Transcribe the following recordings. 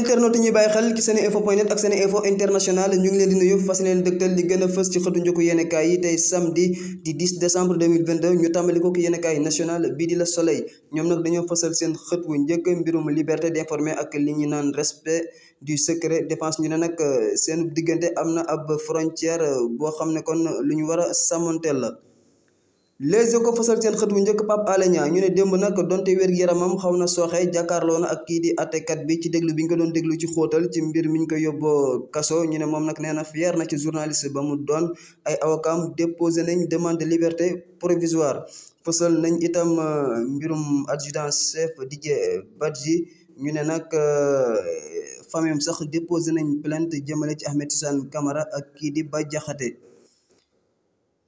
internet yi ñuy bàyyi xel ci seen info point net ak seen info international ñu ngi leen di nuyu fas leen dëgtal li gën fës ci xëtu njëkk yéenekaay yi tey samedi di décembre ñu tàmbali ko ki yéenekaay national bii di la soleil ñoom nag dañoo fësal seen xët wu njëkk mbirum liberté d'informer ak li ñu naan respect du secret défense ñu ne nag euh, seen diggante am na ab frontière euh, boo xam ne kon lu ñu war a sàmmanteel la Les Échos fësal seen xët wu njëkk Pape Alé Niang ñu ne démb nag donte wér yaramam xaw na sooxe jàkkaarloo na ak kii di àttekat bi ci déglu bi nga doon déglu ci xóotal ci mbir mi ñu ko yóbboo kaso ñu ne moom nag neena na fier na ci journaliste ba mu doon ay awakam déposé nañ demande de liberté provisoire fësal nañ itam euh, mbirum adjudant chef Didier Badji ñu ne nag euh, famille sax déposé nañ plainte jëmale ci Ahmed Suzanne Camara ak kii di Bah Diakhaté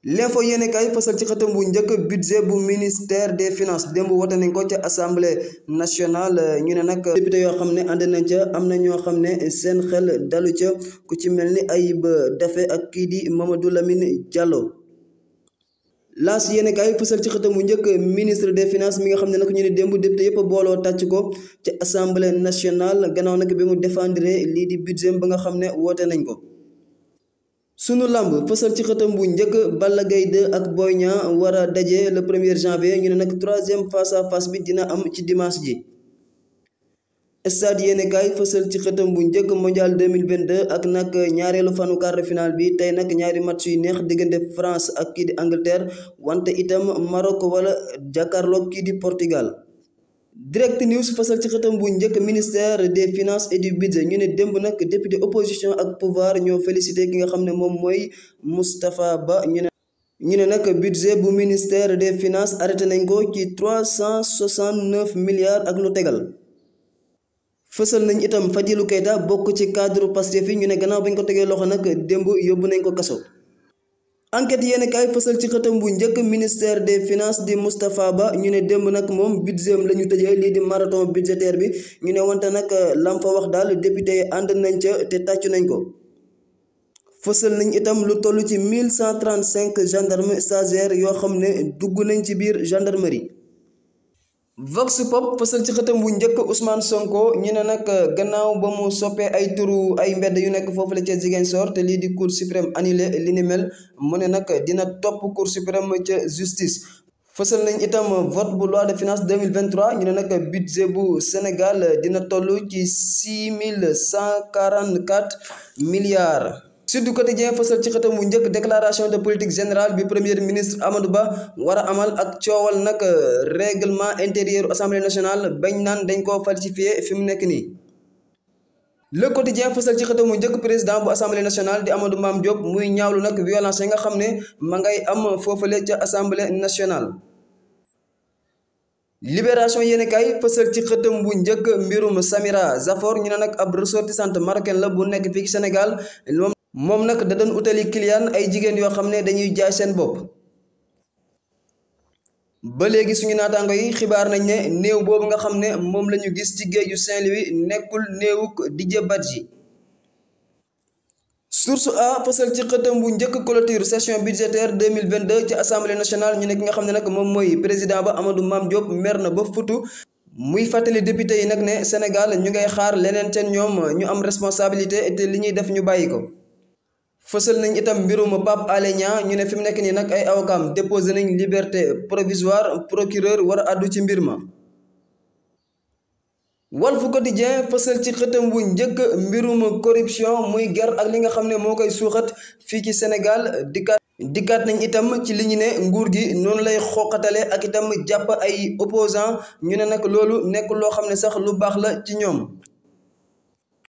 l'info yéene kaay fasal ci xëtam bu njëkk budget bu ministère des finances démb wote nañ ko ca assemblée nationale ñu ne nag député yoo xam ne ànd nañ ca am na ñoo xam ne seen xel dalu ca ku ci mel ni Ayib Daffé ak kii di Mamadou Lamine Diallo laas yéene kaay fësal ci xëtam bu njëkk ministre des finances mi nga xam ne nag ñu ne démb député yëpp booloo tàcc ko ci assemblée nationale gannaaw nag bi mu défendre lii di budget ba nga xam ne woote nañ ko sunu làmb fësal ci xëtam bu njëkk Balla Gaye ak Boy Niang war a daje le premier janvier ñu ne nag troisième face à face bi dina am ci dimaas ji. stade yéene kaay fësal ci xëtam bu njëkk mondial 2022 ak nag ñaareelu fanu quart de bi tey nag ñaari match yu neex diggante France ak kii di Angleterre wante itam Maroc wala jàkkaarloog kii di Portugal. direct news fasal ci xëtam bu njëkk ministère des finances et du budget ñu ne démb nag député opposition ak pouvoir ñoo félicité ki nga xam ne moom mooy Moustapha Ba ñu ne ñu ne nag budget bu ministère des finance arrêté nañ ko ci trois cent soixante neuf milliards ak lu tegal fësal nañ itam Fadilou Keita bokk ci cadre Pastef yi ñu ne gannaaw bañ ko tegee loxo nag démb yóbbu nañ ko kaso enquête yéen kaay fësal ci xëtam bu njëkk ministère des finance di Moustapha Ba ñu ne démb nag moom budget la ñu tëjee lii di marathon budgétaire bi ñu ne wante nag lam fa wax dal député yi ànd nañ ca te tàccu nañ ko fësal nañ itam lu toll ci mille cent trente cinq gendarme stagiaire yoo xam ne dugg nañ ci biir gendarmerie Vox Pop fësal ci xëtam bu njëkk Ousmane Sonko ñu ne nag euh, gannaaw ba mu soppee ay turu ay mbedd yu nekk foofu la ca Ziguinchor te lii di cour suprême annulé li mu ne nag dina topp cour suprême ca justice. fësal nañ itam vote bu loi de finance 2023 ñu ne nag budget bu Sénégal dina toll ci six mille cent quarante quatre milliards. Sud Quotidien fësal ci xëtam mu njëkk déclaration de politique générale bi premier ministre Amadou Ba war a amal ak coowal nag euh, règlement intérieur assemblée nationale bañ naan dañ koo falsifié fi mu nekk nii. Le Quotidien fësal ci xëtamu njëkk président bu assemblée nationale di Amadou Mame Diop muy ñaawlu nag violence yi nga xam ne ma ngay am foofale ca assemblée nationale. Libération yéenekaay fësal ci xëtam bu njëkk mbirum Samira Zafor ñu ne nag ab ressortissante marocaine la bu nekk fii moom nag da doon utali client ay jigéen yoo xam ne dañuy jaay seen bopp ba léegi suñu naataango yi xibaar nañ ne néew boobu nga xam ne moom lañu gis ci géeju Saint-Louis nekkul néewuk Didier yi source a fësal ci xëtam bu njëkk clôture session budgétaire 2022 ci assemblée nationale ñu ne ki nga xam ne nag moom mooy président ba amatu maam Diop mer na ba futu muy fàttali député yi nag ne Sénégal ñu ngay xaar leneen seen ñoom ñu am responsabilité te li ñuy def ñu bàyyi ko fësal nañ itam mbirum Pape Alé Niang ñu ne fi mu nekk ni nag ay awkaam déposé nañ liberté provisoire procureur war a àddu ci mbir ma Walf Quotidien fësal ci xëtam wu njëkk mbirum corruption muy gar ak li nga xam ne moo koy suuxat fii ci Sénégal dikkaat dikkaat nañ itam ci li ñu ne nguur gi noonu lay xooqatale ak itam jàpp ay opposant ñu ne nag loolu nekk loo xam ne sax lu baax la ci ñoom